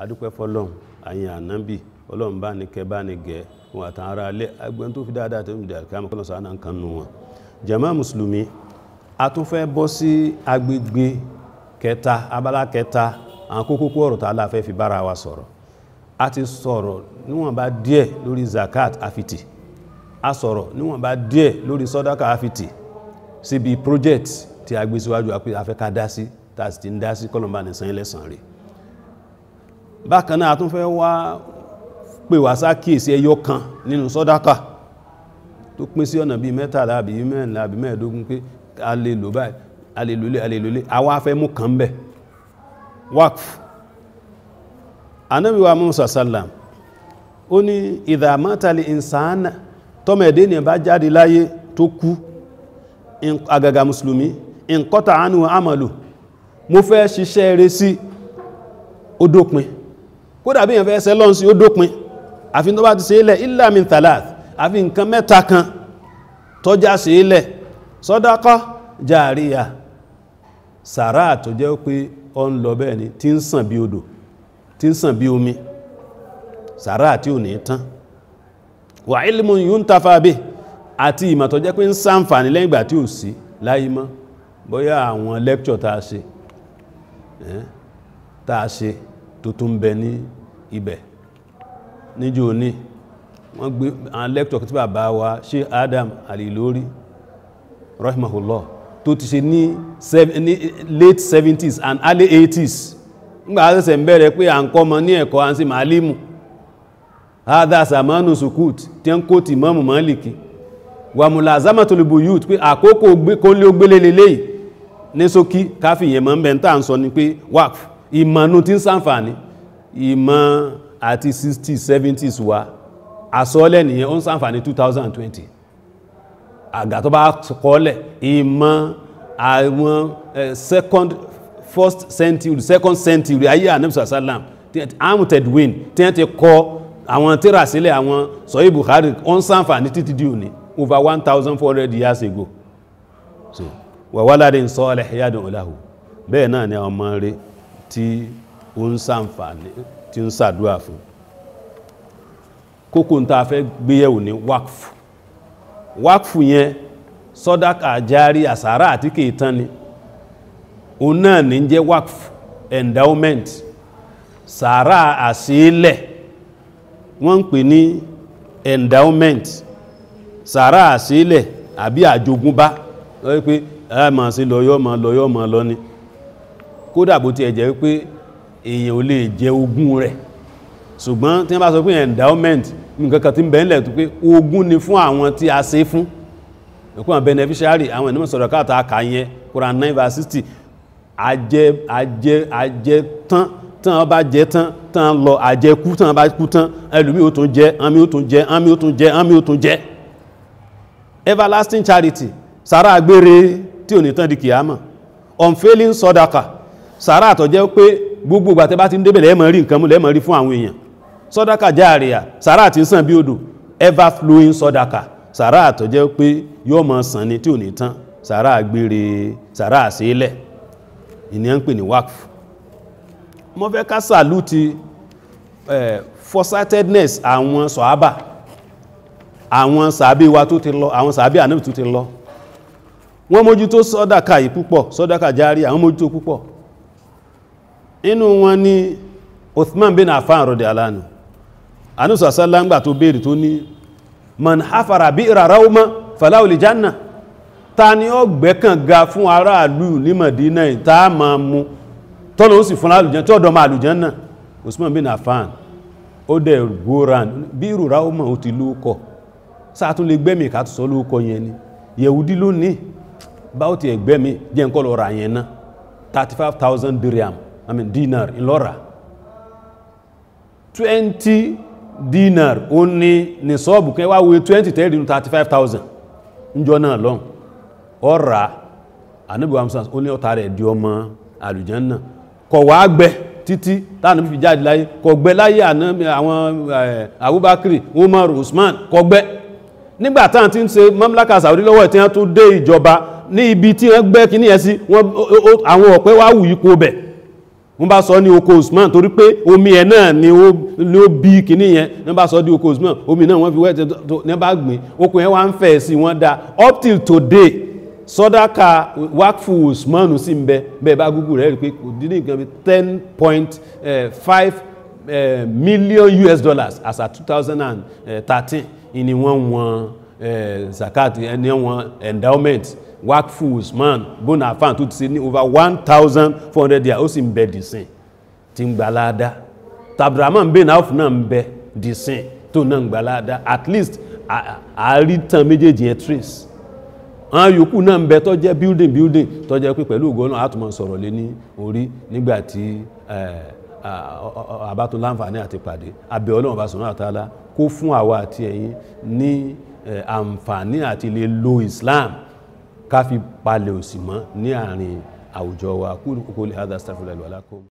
adúpẹ́ fọlọ́n àyìn ànábì ọlọ́run bá ní kẹ bá ní gẹ òun àtàwọn ará alẹ́ agbẹ́n tó fi dáadáa tó ń dàrí káàmù kọ́lọ́sọ àná kan nù wọn. jama mùsùlùmí a tún fẹ́ bọ́ sí agbègbè kẹta abala kẹta àwọn kókókó ọ̀rọ̀ tá a la fẹ́ fi bára wa sọ̀rọ̀ a ti sọ̀rọ̀ níwọ̀nba díẹ̀ lórí zakat afiti a sọ̀rọ̀ níwọ̀nba díẹ̀ lórí sọ́dáka afiti síbi project tí a gbé síwájú a fẹ́ ká dá sí tá a sì ti ń dá sí kọ́lọ́mbà nìsan ilẹ̀ rèé bákan náà tún fẹ́ wá pè wá sákìsí ẹyọ kan nínú sọ́dáka tó pín sí ọ̀nà bí mẹ́tàlá àbí mẹ́rìnlá àbí mẹ́ẹ̀dógún pé a lè lò báyìí a lè lò lé a lè lò lé àwa fẹ́ mú kan bẹ̀ waqf anábíwá Musa sallam ó ní ìdàmátàlì ìsànà tọ́mẹ̀dé ni bá jáde láyé tó kú àgàgà mùsùlùmí nkọ́ta àánú àmàlù mo fẹ́ ṣiṣẹ́ rẹ̀ sí ó kódà bí yẹn fẹ́ ṣe lọ́nsí ó dópin àfi tó bá ti ṣe ilẹ̀ illa min thalath àfi nǹkan mẹ́ta kan tọ́já ṣe ilẹ̀ sadaqa jariya sàrá tó jẹ́ pé ọ ń lọ bẹ́ẹ̀ ni tí ń sàn bí odò tí ń sàn bí omi sàrá tí ò ní tán wà ilmun yuntafa bi àti ìmọ̀ tó jẹ́ pé ń ṣàǹfààní lẹ́yìn ìgbà tí ò sí láyé mọ́ bóyá àwọn lecture tá a ṣe tuntun tún bẹ ní ibẹ̀ níjọ́ òní wọ́n gbé àwọn lẹ́kítọ̀ tí bàbá wa ṣe Adam Alilori rahimahullah tó ti ṣe ní late 70s and early 80s nígbà àṣẹsẹ̀ ń bẹ̀rẹ̀ pé à ń ní ẹ̀kọ́ à ń sí màálìmù hádá sàmánù sukut tí ń kó ti mọ́mù mọ́lìkì wà youth pé àkókò kó ìmọ̀nù tí ń sàǹfàní ìmọ̀ àti 60s 70 wa àsọ́ọ́lẹ̀ nìyẹn ó ń sàǹfàní 2020 àgbà tó bá kọ́ọ́lẹ̀ ìmọ̀ àwọn second first century second century ayé ànábìsà sálàm amted win tí wọ́n ti kọ àwọn tíra sílẹ̀ àwọn sọ́yí Bukhari ó ń sàǹfàní títí di òní over 1400 years ago so wàwáládé ń sọ́ọ́lẹ̀ yádùn ọ̀láhù bẹ́ẹ̀ náà ni àwọn ọmọ rẹ̀ tí ó ń sàǹfààní tí ń sàdúrà fún kókó ń ta fẹ́ gbéyẹ̀wò ní wákfù wákfù yẹn sọ́dáka járí àsàrà àti kìí ni òun náà ní jẹ́ wákfù endowment sàrà àsílẹ̀ wọ́n ń pè ní endowment sàrà àsílẹ̀ àbí àjogúnbá lọ́wọ́ pé ẹ máa sí lọ yọ́ máa Lo, kódà bó ti ẹ̀ jẹ́ pé èèyàn ò lè jẹ ogún rẹ̀ ṣùgbọ́n tí wọ́n bá sọ pé endowment nǹkan kan tí ń bẹ̀ẹ́lẹ̀ tó pé ogún ni fún àwọn tí a ṣe fún ìkúwọ̀n beneficiary àwọn ènìyàn sọ̀rọ̀ káàtà àkà yẹn Quran 9 verse 60 ajẹ́ ajẹ́ ajẹ́ tán tán bá jẹ tán tán lọ àjẹkú tán bá kú tán ẹlòmí ó tún jẹ àmì ó tún jẹ àmì ó tún jẹ àmì ó tún jẹ everlasting charity sàrà agbére tí ò ní tán di kìámà unfailing sọdaka sàárà àtọ̀jẹ́ pé gbogbo ìgbà tẹ́ bá ti ń débẹ̀ lẹ́ẹ̀mọ̀ rí nǹkan mú lẹ́ẹ̀mọ̀ rí fún àwọn èèyàn sọ́dáka jáàríyà sàárà tí ń sàn bí odò ever flowing sọ́dáka sàárà àtọ̀jẹ́ pé yóò mọ̀ sàn ni tí ò ní tán sàárà gbére sàárà àṣeélẹ̀ ìníyàn ń pè ní wakf mo fẹ́ ká sàlú ti eh, foresightedness àwọn sọ̀hábà àwọn sàábé wa tó ti lọ àwọn sàábé ànábì tó ti lọ wọ́n mójútó sọ́dáka yìí púpọ̀ sọ́dáka jáàríyà wọ́n mójútó púpọ̀ inú wọn ni Uthman bin Afan rọ̀dẹ̀ aláàánú anúsọ̀ sálángbà tó béèrè tó ní man hafara bí ìràráwọ́ mọ́ fàláwìlì jánà ta ni ó gbẹ́kàn ga fún aráàlú ní Madina ìta ma mú tọ́lọ̀ ó sì fún alùjẹ́ tí ọ̀dọ̀ ma alùjẹ́ náà bin Afan, ó dẹ̀ gbóran bí ìràráwọ́ mọ́ ó ti lóókọ̀ sáàtún lè gbẹ́mì ká tó sọ ni yẹ̀wùdí lónìí bá ó ti ẹ̀gbẹ́mì jẹ́ ń kọ́ lọ ra 35,000 dirham I mean dinar ìlọ́ra twenty dinar ó ní ní sọ́ọ̀bù kẹ́ wá wé twenty tẹ́lẹ̀ nínú thirty five thousand níjọ́ náà lọ́n ọ̀rà ànábì amsas ó ní ọ̀tá rẹ̀ di ọmọ àlùjànnà kọ̀ wá gbẹ títí táwọn níbi jáde láyé kọ̀ gbẹ láyé àwọn Abubakar Umar Usman kọ̀ gbẹ nígbà táwọn ti ń ṣe mamlaka Saudi lọ́wọ́ tí wọ́n tún dé ìjọba ní ibi tí wọ́n gbẹ́ kíní yẹn sí àwọn ọ̀pẹ wá wù yípo bẹ́ẹ̀ wọ́n bá sọ ní oko Usman torí pé omi ẹ̀ náà ni ó bí kìíní yẹn wọ́n bá sọ ní oko Usman omi náà wọ́n fi wẹ́ẹ̀tì tó ní bá gbìn oko yẹn wá ń fẹ̀ sí wọ́n dá up till today sọ́dáka wakfu Usman sì ń bẹ bẹ́ẹ̀ bá Google rẹ̀ rí pé kò dín ní nǹkan bí ten point eh, five eh, million US dollars as at two thousand and eh, thirteen ni wọ́n wọ́n zakat ẹni wọ́n endowment wakfu man, bona afan tó ti ṣe ní over 1400 years ó sì ń bẹ dìsìn tí ń gbalada tabdraman bin auf náà ń bẹ dìsìn tó náà ń gbalada at least àárítan méjèèjì yẹn trace àwọn yòókù náà ń bẹ tó jẹ́ building building tó jẹ́ pé pẹ̀lú ògo náà àtúmọ̀ sọ̀rọ̀ lé ní orí nígbàtí àbátún láǹfààní àti pàdé abẹ́ ọlọ́run bá sọ̀rọ̀ àtàlá kó fún àwa àti ẹ̀yin ní àǹfààní àti lè lo Islam ká fi palẹ̀ òṣì mọ́ ní àárín àwùjọ wa kúrò kókó lè hádà sáfìlẹ̀ lọ́la